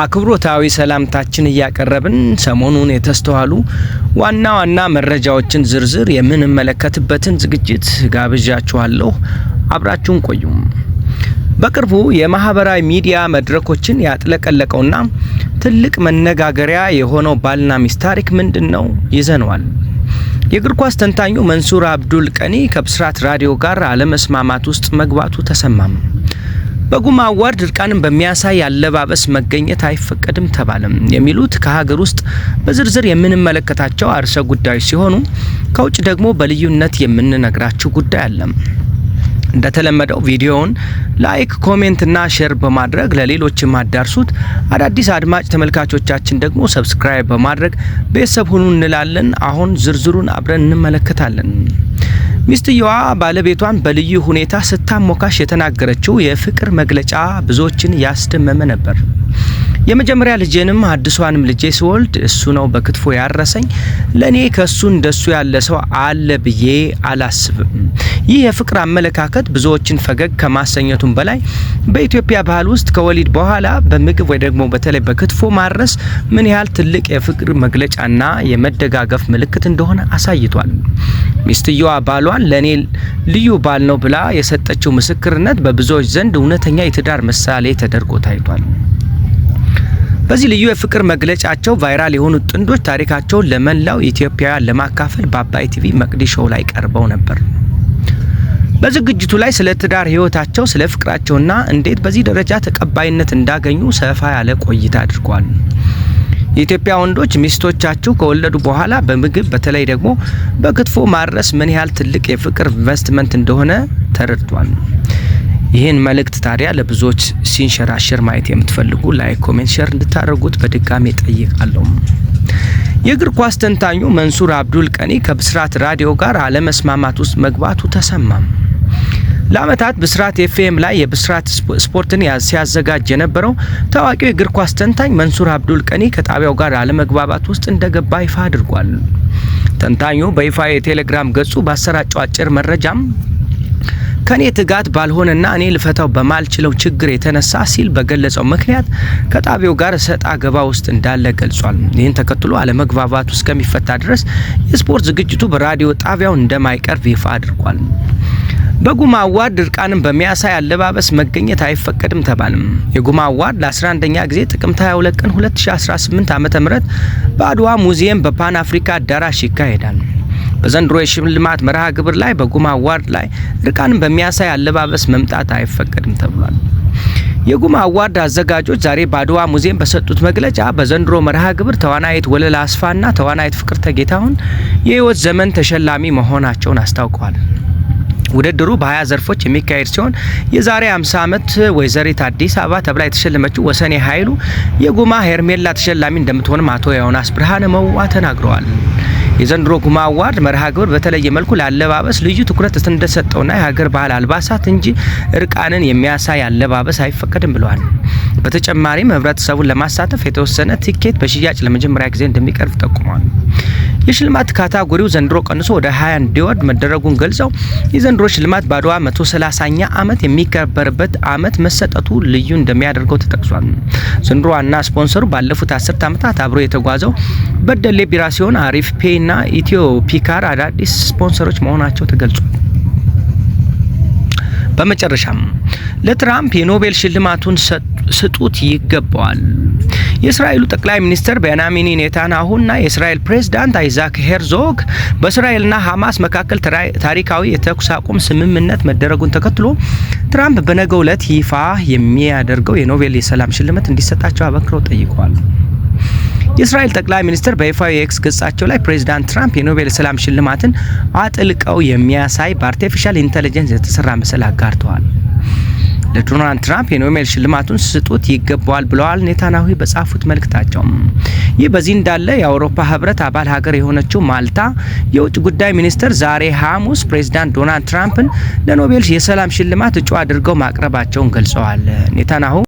አክብሮታዊ ሰላምታችን እያቀረብን ሰሞኑን የተስተዋሉ ዋና ዋና መረጃዎችን ዝርዝር የምንመለከትበትን ዝግጅት ጋብዣችኋለሁ። አብራችሁን ቆዩም። በቅርቡ የማህበራዊ ሚዲያ መድረኮችን ያጥለቀለቀውና ትልቅ መነጋገሪያ የሆነው ባልና ሚስት ታሪክ ምንድን ነው? ይዘነዋል። የእግር ኳስ ተንታኙ መንሱር አብዱል ቀኒ ከብስራት ራዲዮ ጋር አለመስማማት ውስጥ መግባቱ ተሰማም። በጉማ አዋርድ እርቃንን በሚያሳይ አለባበስ መገኘት አይፈቀድም ተባለም የሚሉት ከሀገር ውስጥ በዝርዝር የምንመለከታቸው አርዕሰ ጉዳዮች ሲሆኑ ከውጭ ደግሞ በልዩነት የምንነግራችሁ ጉዳይ አለም። እንደተለመደው ቪዲዮውን ላይክ፣ ኮሜንትና ሼር በማድረግ ለሌሎች አዳርሱት። አዳዲስ አድማጭ ተመልካቾቻችን ደግሞ ሰብስክራይብ በማድረግ ቤተሰብ ሁኑ እንላለን። አሁን ዝርዝሩን አብረን እንመለከታለን። ሚስትየዋ ባለቤቷን በልዩ ሁኔታ ስታሞካሽ የተናገረችው የፍቅር መግለጫ ብዙዎችን ያስደመመ ነበር። የመጀመሪያ ልጄንም አዲሷንም ልጄ ስወልድ እሱ ነው በክትፎ ያረሰኝ። ለእኔ ከእሱ እንደሱ ያለ ሰው አለ ብዬ አላስብም። ይህ የፍቅር አመለካከት ብዙዎችን ፈገግ ከማሰኘቱም በላይ በኢትዮጵያ ባህል ውስጥ ከወሊድ በኋላ በምግብ ወይ ደግሞ በተለይ በክትፎ ማድረስ ምን ያህል ትልቅ የፍቅር መግለጫና የመደጋገፍ ምልክት እንደሆነ አሳይቷል። ሚስትየዋ ባሏን ለእኔ ልዩ ባል ነው ብላ የሰጠችው ምስክርነት በብዙዎች ዘንድ እውነተኛ የትዳር ምሳሌ ተደርጎ ታይቷል። በዚህ ልዩ የፍቅር መግለጫቸው ቫይራል የሆኑ ጥንዶች ታሪካቸውን ለመላው ኢትዮጵያውያን ለማካፈል በአባይ ቲቪ መቅዲ ሾው ላይ ቀርበው ነበር። በዝግጅቱ ላይ ስለ ትዳር ህይወታቸው፣ ስለ ፍቅራቸውና እንዴት በዚህ ደረጃ ተቀባይነት እንዳገኙ ሰፋ ያለ ቆይታ አድርጓል። የኢትዮጵያ ወንዶች ሚስቶቻችሁ ከወለዱ በኋላ በምግብ በተለይ ደግሞ በክትፎ ማድረስ ምን ያህል ትልቅ የፍቅር ኢንቨስትመንት እንደሆነ ተረድቷል። ይህን መልእክት ታዲያ ለብዙዎች ሲንሸራሸር ማየት የምትፈልጉ ላይክ፣ ኮሜንት፣ ሸር እንድታደርጉት በድጋሚ ጠይቃለሁ። የእግር ኳስ ተንታኙ መንሱር አብዱል ቀኒ ከብስራት ራዲዮ ጋር አለመስማማት ውስጥ መግባቱ ተሰማም። ለአመታት ብስራት ኤፍኤም ላይ የብስራት ስፖርትን ሲያዘጋጅ የነበረው ታዋቂው የእግር ኳስ ተንታኝ መንሱር አብዱል ቀኒ ከጣቢያው ጋር አለመግባባት ውስጥ እንደገባ ይፋ አድርጓል። ተንታኙ በይፋ የቴሌግራም ገጹ ባሰራጨው አጭር መረጃም ከኔ ትጋት ባልሆነና እኔ ልፈታው በማልችለው ችግር የተነሳ ሲል በገለጸው ምክንያት ከጣቢያው ጋር ሰጣ ገባ ውስጥ እንዳለ ገልጿል። ይህን ተከትሎ አለመግባባቱ እስከሚፈታ ድረስ የስፖርት ዝግጅቱ በራዲዮ ጣቢያው እንደማይቀርብ ይፋ አድርጓል። በጉማ አዋርድ እርቃንን በሚያሳይ አለባበስ መገኘት አይፈቀድም ተባልም። የጉማ አዋርድ ለ11ኛ ጊዜ ጥቅምት 22 ቀን 2018 ዓ.ም በአድዋ ሙዚየም በፓን አፍሪካ አዳራሽ ይካሄዳል። በዘንድሮ የሽልማት መርሃ ግብር ላይ በጉማ አዋርድ ላይ እርቃንን በሚያሳይ አለባበስ መምጣት አይፈቀድም ተብሏል። የጉማ አዋርድ አዘጋጆች ዛሬ በአድዋ ሙዚየም በሰጡት መግለጫ በዘንድሮ መርሃ ግብር ተዋናይት ወለል አስፋና ተዋናይት ፍቅርተ ጌታሁን የህይወት ዘመን ተሸላሚ መሆናቸውን አስታውቀዋል። ውድድሩ በ ዘርፎች የሚካሄድ ሲሆን የዛሬ 50 ዓመት ወይዘሪት አዲስ አበባ ተብላ የተሸለመችው ወሰኔ ኃይሉ የጉማ ሄርሜላ ተሸላሚ እንደምትሆንም አቶ ዮናስ ብርሃነ መዋ ተናግረዋል። የዘንድሮ ጉማ አዋርድ መርሃ ግብር በተለየ መልኩ ለአለባበስ ልዩ ትኩረት እንደሰጠውና የሀገር ባህል አልባሳት እንጂ እርቃንን የሚያሳይ አለባበስ አይፈቀድም ብለዋል። በተጨማሪም ህብረተሰቡን ለማሳተፍ የተወሰነ ቲኬት በሽያጭ ለመጀመሪያ ጊዜ እንደሚቀርብ ጠቁሟል። የሽልማት ካታጎሪው ዘንድሮ ቀንሶ ወደ 20 እንዲወርድ መደረጉን ገልጸው የዘንድሮ ሽልማት በአድዋ 130ኛ ዓመት የሚከበርበት ዓመት መሰጠቱ ልዩ እንደሚያደርገው ተጠቅሷል። ዘንድሮ ዋና ስፖንሰሩ ባለፉት አስርት ዓመታት አብሮ የተጓዘው በደሌ ቢራ ሲሆን አሪፍ ፔ እና ኢትዮ ፒካር አዳዲስ ስፖንሰሮች መሆናቸው ተገልጿል። በመጨረሻም ለትራምፕ የኖቤል ሽልማቱን ስጡት ይገባዋል የእስራኤሉ ጠቅላይ ሚኒስትር ቤንያሚን ኔታንያሁና የእስራኤል ፕሬዝዳንት አይዛክ ሄርዞግ በእስራኤልና ሀማስ መካከል ታሪካዊ የተኩስ አቁም ስምምነት መደረጉን ተከትሎ ትራምፕ በነገ ዕለት ይፋ የሚያደርገው የኖቤል የሰላም ሽልማት እንዲሰጣቸው አበክረው ጠይቀዋል። የእስራኤል ጠቅላይ ሚኒስትር በይፋዊ የኤክስ ገጻቸው ላይ ፕሬዚዳንት ትራምፕ የኖቤል የሰላም ሽልማትን አጥልቀው የሚያሳይ በአርቲፊሻል ኢንተለጀንስ የተሰራ ምስል አጋርተዋል። ለዶናልድ ትራምፕ የኖቤል ሽልማቱን ስጡት ይገባዋል ብለዋል ኔታንያሁ በጻፉት መልእክታቸው። ይህ በዚህ እንዳለ የአውሮፓ ህብረት አባል ሀገር የሆነችው ማልታ የውጭ ጉዳይ ሚኒስትር ዛሬ ሐሙስ ፕሬዚዳንት ዶናልድ ትራምፕን ለኖቤል የሰላም ሽልማት እጩ አድርገው ማቅረባቸውን ገልጸዋል። ኔታናሁ